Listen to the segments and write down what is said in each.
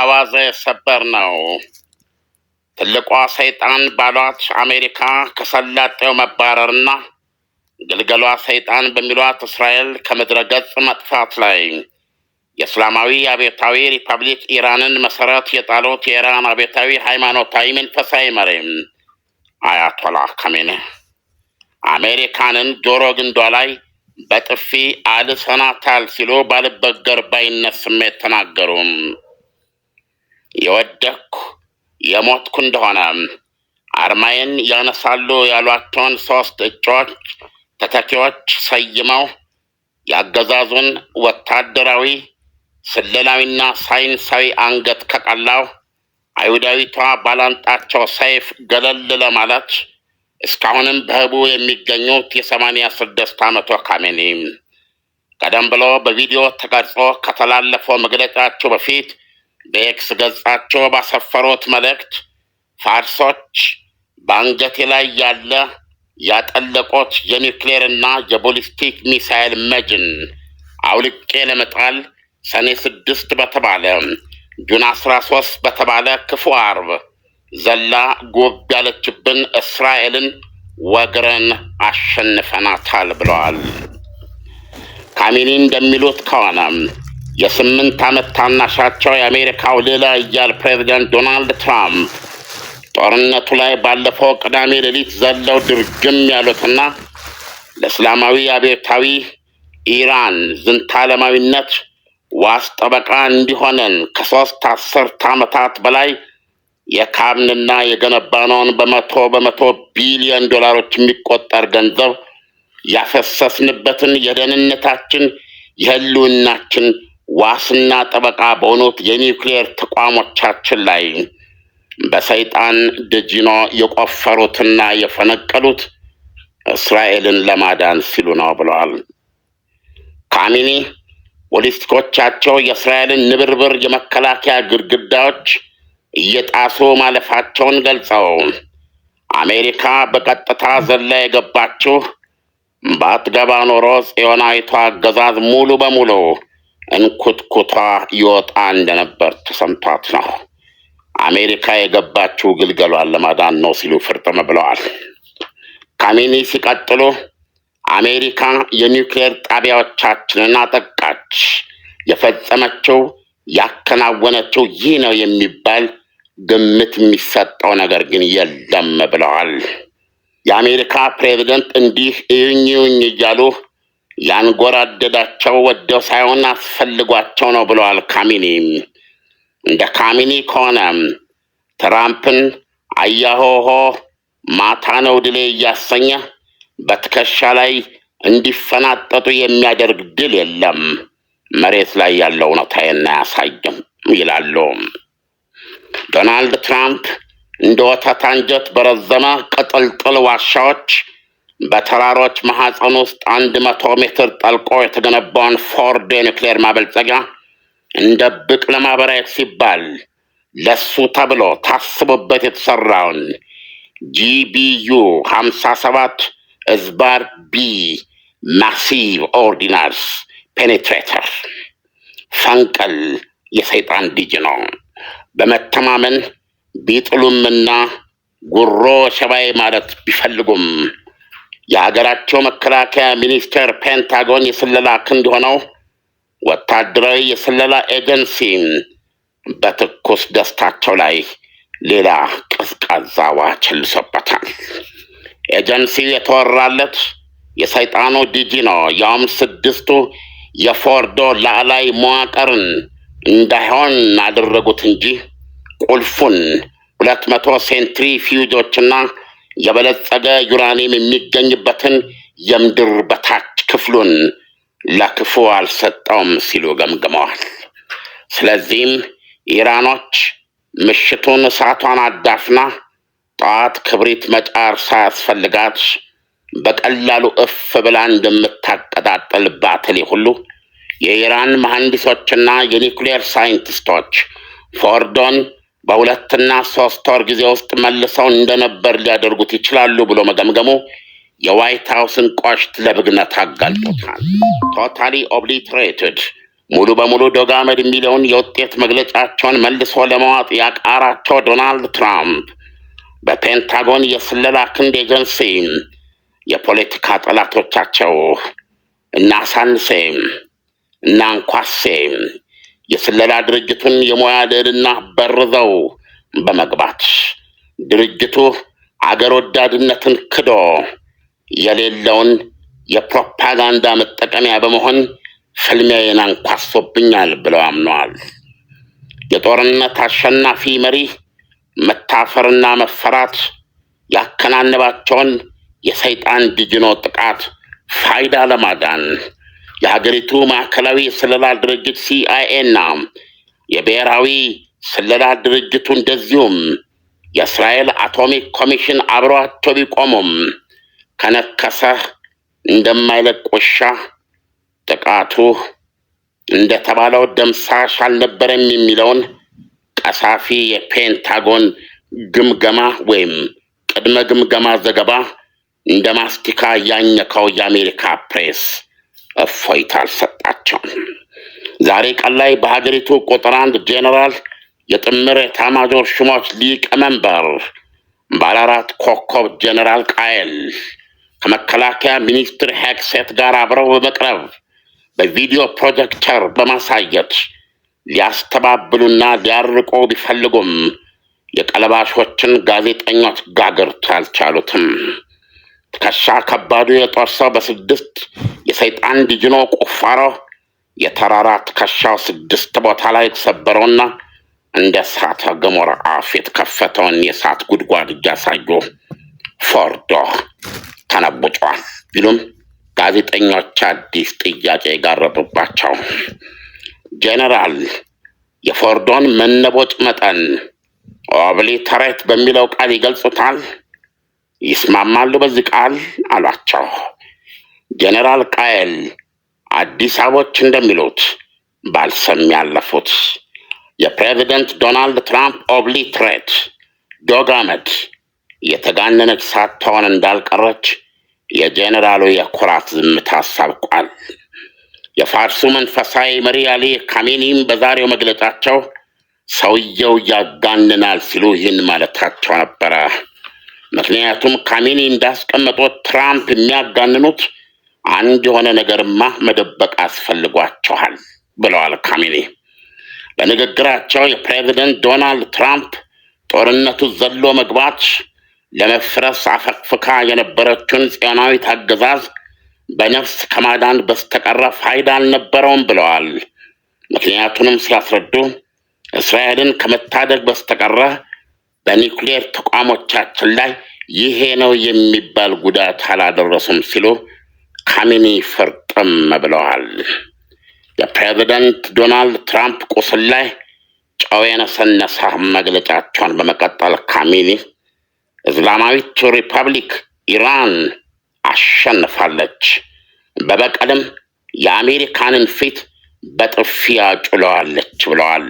አዋዘ ሰበር ነው። ትልቋ ሰይጣን ባሏት አሜሪካ ከሰላጤው መባረርና ግልገሏ ሰይጣን በሚሏት እስራኤል ከምድረ ገጽ መጥፋት ላይ የእስላማዊ አብዮታዊ ሪፐብሊክ ኢራንን መሰረት የጣሉት የኢራን አብዮታዊ ሃይማኖታዊ መንፈሳዊ መሪም አያቶላ ካሜኒ አሜሪካንን ጆሮ ግንዷ ላይ በጥፊ አልሰናታል ሲሉ ባልበገር ባይነት ስሜት ተናገሩም። የወደኩ የሞትኩ እንደሆነ አርማዬን ያነሳሉ ያሏቸውን ሶስት እጩዎች ተተኪዎች ሰይመው የአገዛዙን ወታደራዊ ስለላዊና ሳይንሳዊ አንገት ከቀላው አይሁዳዊቷ ባላንጣቸው ሰይፍ ገለል ለማለት እስካሁንም በህቡ የሚገኙት የሰማንያ ስድስት ዓመቶ ካሜኒ ቀደም ብሎ በቪዲዮ ተቀርጾ ከተላለፈው መግለጫቸው በፊት በኤክስ ገጻቸው ባሰፈሩት መልእክት ፋርሶች በአንገቴ ላይ ያለ ያጠለቁት የኒውክሌርና የቦሊስቲክ ሚሳይል መጅን አውልቄ ለመጣል ሰኔ ስድስት በተባለ ጁን አስራ ሶስት በተባለ ክፉ አርብ ዘላ ጎብ ያለችብን እስራኤልን ወግረን አሸንፈናታል ብለዋል። ካሚኒ እንደሚሉት ከሆነ የስምንት ዓመት ታናሻቸው የአሜሪካው ሌላ እያል ፕሬዚደንት ዶናልድ ትራምፕ ጦርነቱ ላይ ባለፈው ቅዳሜ ሌሊት ዘለው ድርግም ያሉትና ለእስላማዊ አብዮታዊ ኢራን ዝንተ ዓለማዊነት ዋስ ጠበቃ እንዲሆነን ከሶስት አስርት ዓመታት በላይ የካብንና የገነባነውን በመቶ በመቶ ቢሊዮን ዶላሮች የሚቆጠር ገንዘብ ያፈሰስንበትን የደህንነታችን የህልውናችን ዋስና ጠበቃ በሆኑት የኒውክሌር ተቋሞቻችን ላይ በሰይጣን ድጅኖ የቆፈሩትና የፈነቀሉት እስራኤልን ለማዳን ሲሉ ነው ብለዋል። ካሚኒ ወሊስቲኮቻቸው የእስራኤልን ንብርብር የመከላከያ ግድግዳዎች እየጣሱ ማለፋቸውን ገልጸው አሜሪካ በቀጥታ ዘላ የገባችሁ ባትገባ ኖሮ ጽዮናዊቷ አገዛዝ ሙሉ በሙሉ እንኩትኩቷ ይወጣ እንደነበር ተሰምቷት ነው አሜሪካ የገባችው ግልገሏን ለማዳን ነው ሲሉ ፍርጥም ብለዋል። ካሜኒ ሲቀጥሉ አሜሪካ የኒውክሌር ጣቢያዎቻችንን አጠቃች። የፈጸመችው ያከናወነችው ይህ ነው የሚባል ግምት የሚሰጠው ነገር ግን የለም ብለዋል። የአሜሪካ ፕሬዝደንት እንዲህ እዩኝ እዩኝ እያሉ ያንጎራደዳቸው ወደው ሳይሆን አስፈልጓቸው ነው ብለዋል ካሚኒ። እንደ ካሚኒ ከሆነ ትራምፕን አያሆሆ ማታ ነው ድሌ እያሰኘ በትከሻ ላይ እንዲፈናጠጡ የሚያደርግ ድል የለም። መሬት ላይ ያለው እውነታና አያሳይም ይላሉ ዶናልድ ትራምፕ። እንደ ወተት አንጀት በረዘመ ቅጥልጥል ዋሻዎች በተራሮች ማህፀን ውስጥ አንድ መቶ ሜትር ጠልቆ የተገነባውን ፎርዶ የኒክሌር ማበልጸጊያ እንደ ብቅ ለማበራየት ሲባል ለሱ ተብሎ ታስቦበት የተሰራውን ጂቢዩ 57 እዝባር ቢ ማሲቭ ኦርዲናንስ ፔኔትሬተር ፈንቀል የሰይጣን ዲጅ ነው። በመተማመን ቢጥሉምና ጉሮ ሸባይ ማለት ቢፈልጉም የሀገራቸው መከላከያ ሚኒስቴር ፔንታጎን የስለላ ክንድ ሆነው ወታደራዊ የስለላ ኤጀንሲ በትኩስ ደስታቸው ላይ ሌላ ቀዝቃዛ ውሃ ቸልሶበታል። ኤጀንሲው የተወራለት የሰይጣኑ ዲጂ ነው። ያውም ስድስቱ የፎርዶ ላዕላይ መዋቅርን እንዳይሆን አደረጉት እንጂ ቁልፉን ሁለት መቶ ሴንትሪ ፊውጆችና የበለጸገ ዩራኒየም የሚገኝበትን የምድር በታች ክፍሉን ለክፉ አልሰጠውም ሲሉ ገምግመዋል። ስለዚህም ኢራኖች ምሽቱን እሳቷን አዳፍና ጠዋት ክብሪት መጫር ሳያስፈልጋት በቀላሉ እፍ ብላ እንደምታቀጣጠል ባትል ሁሉ የኢራን መሐንዲሶችና የኒውክሌር ሳይንቲስቶች ፎርዶን በሁለትና ሶስት ወር ጊዜ ውስጥ መልሰው እንደነበር ሊያደርጉት ይችላሉ ብሎ መገምገሙ የዋይት ሀውስን ቆሽት ለብግነት አጋልጦታል። ቶታሊ ኦብሊትሬትድ ሙሉ በሙሉ ዶግ አመድ የሚለውን የውጤት መግለጫቸውን መልሶ ለመዋጥ ያቃራቸው ዶናልድ ትራምፕ በፔንታጎን የስለላ ክንድ ኤጀንሲ የፖለቲካ ጠላቶቻቸው እናሳንሴም እናንኳሴም የስለላ ድርጅቱን የሙያ ልዕልና በርዘው በመግባት ድርጅቱ አገር ወዳድነትን ክዶ የሌለውን የፕሮፓጋንዳ መጠቀሚያ በመሆን ፍልሚያዬን አንኳሶብኛል ብለው አምነዋል። የጦርነት አሸናፊ መሪ መታፈርና መፈራት ያከናንባቸውን የሰይጣን ዲጅኖ ጥቃት ፋይዳ ለማዳን የሀገሪቱ ማዕከላዊ የስለላ ድርጅት ሲአይኤና የብሔራዊ ስለላ ድርጅቱ እንደዚሁም የእስራኤል አቶሚክ ኮሚሽን አብረዋቸው ቢቆሙም ከነከሰ እንደማይለቅ ውሻ ጥቃቱ እንደተባለው ደምሳሽ አልነበረም የሚለውን ቀሳፊ የፔንታጎን ግምገማ ወይም ቅድመ ግምገማ ዘገባ እንደ ማስቲካ ያኘከው የአሜሪካ ፕሬስ እፎይታ አልሰጣቸውም። ዛሬ ቀን ላይ በሀገሪቱ ቁጥር አንድ ጄኔራል የጥምር ኤታማዦር ሹሞች ሊቀመንበር ባለ ኮከብ ጄኔራል ቃየል ከመከላከያ ሚኒስትር ሄግሴት ጋር አብረው በመቅረብ በቪዲዮ ፕሮጀክተር በማሳየት ሊያስተባብሉና ሊያርቆ ቢፈልጉም የቀለባሾችን ጋዜጠኞች ጋግርት አልቻሉትም። ትከሻ ከባዱ የጦርሰው በስድስት የሰይጣን ድጅኖ ቁፋሮ የተራራ ትከሻው ስድስት ቦታ ላይ የተሰበረውና እንደ እሳተ ገሞራ አፍ የተከፈተውን የእሳት ጉድጓድ እያሳዩ ፎርዶ ተነቡጧል ቢሉም ጋዜጠኞች አዲስ ጥያቄ ጋረጡባቸው። ጄኔራል የፎርዶን መነቦጭ መጠን ኦብሊተሬት በሚለው ቃል ይገልጹታል? ይስማማሉ በዚህ ቃል አሏቸው። ጀኔራል ቃየል አዲስ አበቦች እንደሚሉት ባልሰም ያለፉት የፕሬዚደንት ዶናልድ ትራምፕ ኦብሊትሬት ዶጋመድ የተጋነነች ሳትሆን እንዳልቀረች የጀኔራሉ የኩራት ዝምታ አሳብቋል። የፋርሱ መንፈሳዊ መሪ አሊ ካሜኒም በዛሬው መግለጫቸው ሰውየው ያጋንናል ሲሉ ይህን ማለታቸው ነበረ። ምክንያቱም ካሚኒ እንዳስቀመጡት ትራምፕ የሚያጋንኑት አንድ የሆነ ነገርማ መደበቅ አስፈልጓቸዋል ብለዋል ካሚኒ በንግግራቸው የፕሬዚደንት ዶናልድ ትራምፕ ጦርነቱ ዘሎ መግባት ለመፍረስ አፈክፍካ የነበረችውን ጽዮናዊት አገዛዝ በነፍስ ከማዳን በስተቀረ ፋይዳ አልነበረውም ብለዋል። ምክንያቱንም ሲያስረዱ እስራኤልን ከመታደግ በስተቀረ በኒውክሌር ተቋሞቻችን ላይ ይሄ ነው የሚባል ጉዳት አላደረሱም ሲሉ ካሚኒ ፍርጥም ብለዋል። የፕሬዚደንት ዶናልድ ትራምፕ ቁስል ላይ ጨው የነሰነሳ መግለጫቸውን በመቀጠል ካሚኒ እስላማዊት ሪፐብሊክ ኢራን አሸንፋለች፣ በበቀልም የአሜሪካንን ፊት በጥፊ አጩለዋለች ብለዋል።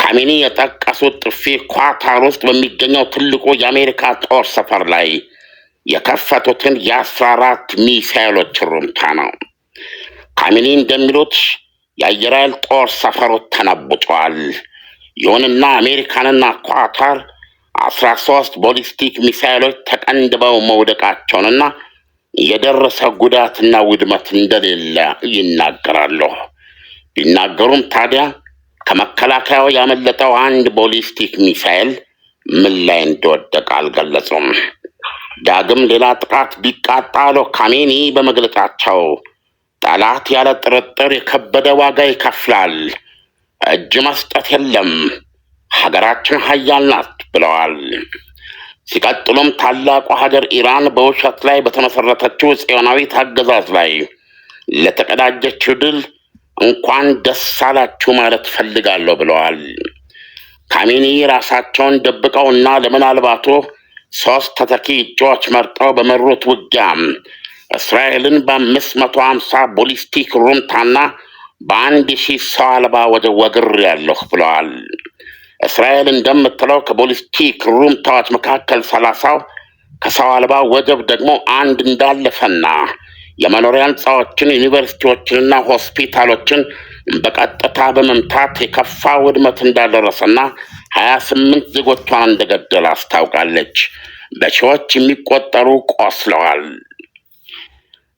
ካሜኒ የጠቀሱት ጥፊ ኳታር ውስጥ በሚገኘው ትልቁ የአሜሪካ ጦር ሰፈር ላይ የከፈቱትን የአስራ አራት ሚሳይሎች ሩምታ ነው። ካሜኒ እንደሚሉት የአየር ኃይል ጦር ሰፈሩ ተነብጧል። ይሁንና አሜሪካንና ኳታር አስራ ሶስት ቦሊስቲክ ሚሳይሎች ተቀንድበው መውደቃቸውንና የደረሰ ጉዳትና ውድመት እንደሌለ ይናገራሉ። ቢናገሩም ታዲያ ከመከላከያው ያመለጠው አንድ ቦሊስቲክ ሚሳኤል ምን ላይ እንደወደቀ አልገለጹም። ዳግም ሌላ ጥቃት ቢቃጣ ካሜኒ በመግለጫቸው ጠላት ያለ ጥርጥር የከበደ ዋጋ ይከፍላል፣ እጅ መስጠት የለም፣ ሀገራችን ሀያል ናት ብለዋል። ሲቀጥሉም ታላቁ ሀገር ኢራን በውሸት ላይ በተመሰረተችው ጽዮናዊት አገዛዝ ላይ ለተቀዳጀችው ድል እንኳን ደስ አላችሁ ማለት ፈልጋለሁ ብለዋል። ካሚኒ ራሳቸውን ደብቀውና ለምናልባቱ ሶስት ተተኪ እጩዎች መርጠው በመሩት ውጊያ እስራኤልን በአምስት መቶ ሀምሳ ቦሊስቲክ ሩምታና በአንድ ሺህ ሰው አልባ ወደ ወግር ያለሁ ብለዋል። እስራኤል እንደምትለው ከቦሊስቲክ ሩምታዎች መካከል ሰላሳው ከሰው አልባ ወደብ ደግሞ አንድ እንዳለፈና የመኖሪያ ህንፃዎችን፣ ዩኒቨርሲቲዎችንና ሆስፒታሎችን በቀጥታ በመምታት የከፋ ውድመት እንዳደረሰና ሀያ ስምንት ዜጎቿን እንደገደለ አስታውቃለች። በሺዎች የሚቆጠሩ ቆስለዋል።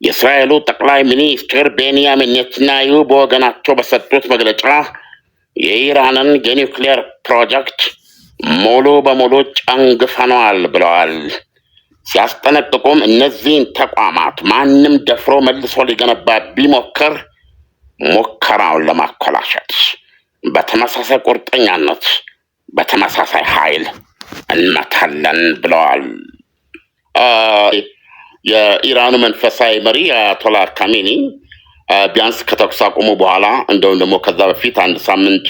የእስራኤሉ ጠቅላይ ሚኒስትር ቤንያሚን ኔትንያሁ በወገናቸው በሰጡት መግለጫ የኢራንን የኒውክሌር ፕሮጀክት ሙሉ በሙሉ ጨንግፈነዋል ብለዋል። ሲያስጠነቅቁም እነዚህን ተቋማት ማንም ደፍሮ መልሶ ሊገነባ ቢሞክር ሙከራውን ለማኮላሸት በተመሳሳይ ቁርጠኛነት በተመሳሳይ ኃይል እንመታለን ብለዋል። የኢራኑ መንፈሳዊ መሪ አያቶላ ካሜኒ ቢያንስ ከተኩስ አቁሙ በኋላ እንደውም ደግሞ ከዛ በፊት አንድ ሳምንት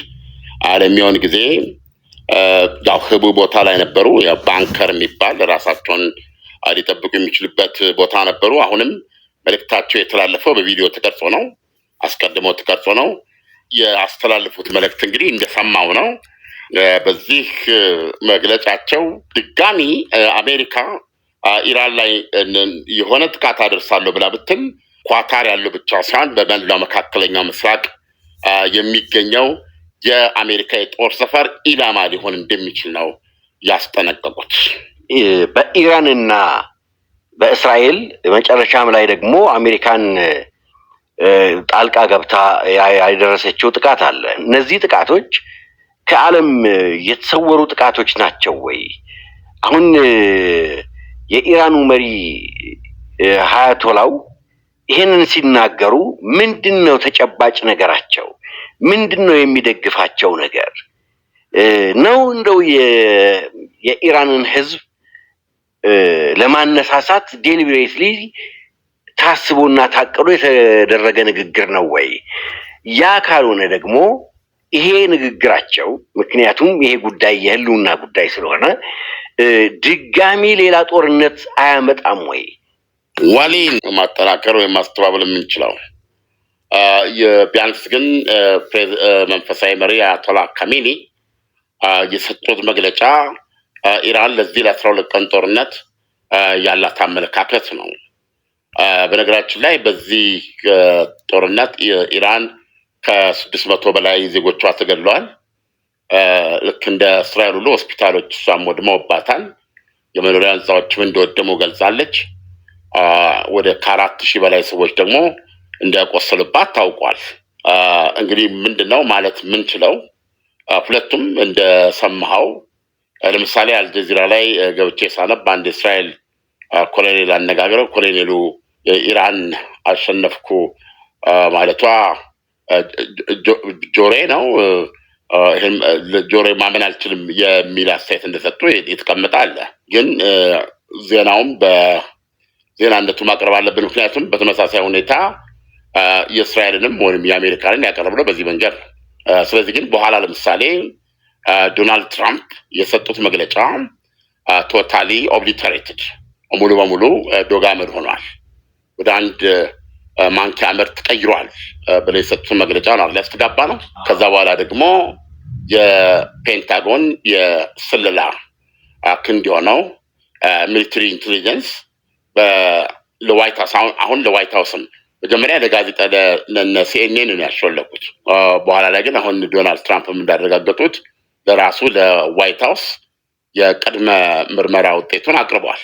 ለሚሆን ጊዜ ያው ህቡ ቦታ ላይ ነበሩ። ባንከር የሚባል ራሳቸውን ሊጠብቁ የሚችሉበት ቦታ ነበሩ። አሁንም መልእክታቸው የተላለፈው በቪዲዮ ተቀርጾ ነው፣ አስቀድሞ ተቀርጾ ነው። ያስተላለፉት መልእክት እንግዲህ እንደሰማው ነው። በዚህ መግለጫቸው ድጋሚ አሜሪካ ኢራን ላይ የሆነ ጥቃት አደርሳለሁ ብላ ብትል ኳታር ያለው ብቻ ሳይሆን በመላው መካከለኛው ምስራቅ የሚገኘው የአሜሪካ የጦር ሰፈር ኢላማ ሊሆን እንደሚችል ነው ያስጠነቀቁት። በኢራንና በእስራኤል መጨረሻም ላይ ደግሞ አሜሪካን ጣልቃ ገብታ ያደረሰችው ጥቃት አለ። እነዚህ ጥቃቶች ከዓለም የተሰወሩ ጥቃቶች ናቸው ወይ? አሁን የኢራኑ መሪ ሀያቶላው ይህንን ሲናገሩ ምንድን ነው ተጨባጭ ነገራቸው? ምንድን ነው የሚደግፋቸው ነገር ነው? እንደው የኢራንን ሕዝብ ለማነሳሳት ዴሊብሬትሊ ታስቦና ታቅዶ የተደረገ ንግግር ነው ወይ? ያ ካልሆነ ደግሞ ይሄ ንግግራቸው ምክንያቱም ይሄ ጉዳይ የህልውና ጉዳይ ስለሆነ ድጋሚ ሌላ ጦርነት አያመጣም ወይ? ዋሌን ማጠናከር ወይም ማስተባበል የምንችለው ቢያንስ ግን መንፈሳዊ መሪ አያቶላ ካሚኒ የሰጡት መግለጫ ኢራን ለዚህ ለአስራ ሁለት ቀን ጦርነት ያላት አመለካከት ነው። በነገራችን ላይ በዚህ ጦርነት ኢራን ከስድስት መቶ በላይ ዜጎቿ ተገድለዋል። ልክ እንደ እስራኤል ሁሉ ሆስፒታሎች እሷም ወድመውባታል። የመኖሪያ ህንፃዎችም እንደወደሙ ገልጻለች። ወደ ከአራት ሺህ በላይ ሰዎች ደግሞ እንደቆሰሉባት ታውቋል። እንግዲህ ምንድን ነው ማለት ምንችለው ሁለቱም እንደሰማኸው ለምሳሌ አልጀዚራ ላይ ገብቼ ሳነብ አንድ እስራኤል ኮሎኔል አነጋግረው ኮሎኔሉ ኢራን አሸነፍኩ ማለቷ ጆሬ ነው ጆሬ ማመን አልችልም የሚል አስተያየት እንደሰጡ የተቀመጠ አለ። ግን ዜናውም በዜናነቱ ማቅረብ አለብን። ምክንያቱም በተመሳሳይ ሁኔታ የእስራኤልንም ወይም የአሜሪካንን ያቀረብነው በዚህ መንገድ ነው። ስለዚህ ግን በኋላ ለምሳሌ ዶናልድ ትራምፕ የሰጡት መግለጫ ቶታሊ ኦብሊተሬትድ ሙሉ በሙሉ ዶጋ አመድ ሆኗል፣ ወደ አንድ ማንኪያ አመድ ተቀይሯል ብለው የሰጡትን መግለጫ ናር ሊያስተጋባ ነው። ከዛ በኋላ ደግሞ የፔንታጎን የስልላ ክንድ የሆነው ሚሊትሪ ኢንቴሊጀንስ ለዋይት ሀውስ አሁን ለዋይት ሀውስም መጀመሪያ ለጋዜጣ ለሲኤንኤን ነው ያሸለቁት በኋላ ላይ ግን አሁን ዶናልድ ትራምፕም እንዳረጋገጡት ለራሱ ለዋይት ሀውስ የቅድመ ምርመራ ውጤቱን አቅርቧል።